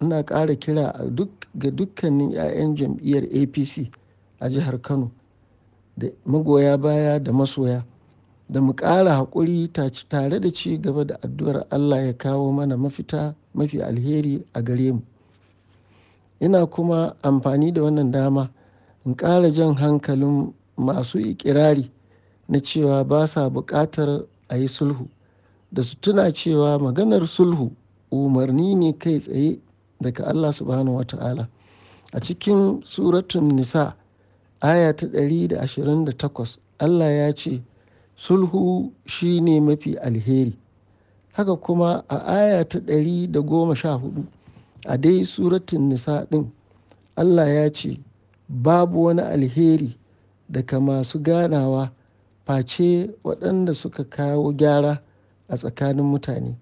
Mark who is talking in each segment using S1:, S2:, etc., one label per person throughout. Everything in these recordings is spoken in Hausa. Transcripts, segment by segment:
S1: Ina ƙara kira ga dukkanin 'ya'yan jam'iyyar APC a jihar Kano da magoya baya da masoya da mu ƙara haƙuri tare da ci gaba da addu'ar Allah ya kawo mana mafita mafi alheri a gare mu. Ina kuma amfani da wannan dama in ƙara jan hankalin masu ikirari na cewa ba sa buƙatar a yi sulhu da su tuna cewa maganar sulhu umarni ne kai tsaye daga Allah subhanahu wa ta'ala a cikin suratun nisa aya ta 128 Allah ya ce sulhu shi ne mafi alheri haka kuma a aya ta 114 a dai suratun nisa din Allah ya ce babu wani alheri daga masu ganawa face waɗanda suka kawo gyara a tsakanin mutane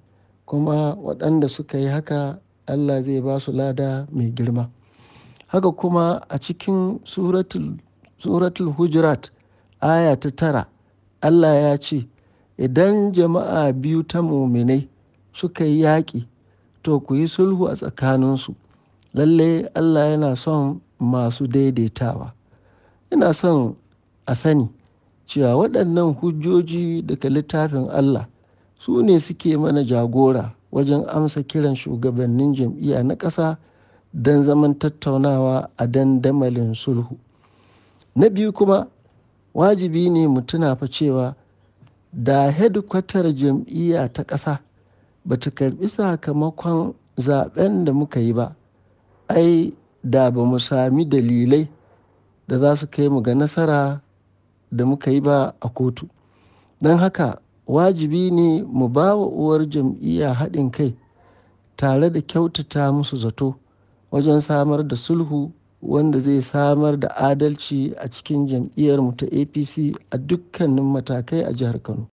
S1: kuma waɗanda suka yi haka Allah zai ba su lada mai girma haka kuma a cikin suratul, hujurat aya ta tara Allah ya ce idan jama'a biyu ta muminai suka yi yaƙi to ku yi sulhu a tsakaninsu lalle Allah yana son masu daidaitawa ina son a sani cewa waɗannan hujjoji daga littafin Allah su ne suke mana jagora wajen amsa kiran shugabannin jam'iyya na ƙasa don zaman tattaunawa a dandamalin sulhu na biyu kuma wajibi ne mu tuna fa cewa da hedkwatar jam'iyya ta ƙasa ba ta karbi sakamakon zaben da muka yi ba ai da ba mu sami dalilai da za su kai mu ga nasara da muka yi ba a kotu don haka wajibi ne mu ba wa uwar jam'iyya haɗin kai tare da kyautata musu zato wajen samar da sulhu wanda zai samar da adalci a cikin jam'iyyar mu ta apc a dukkanin matakai a jihar kano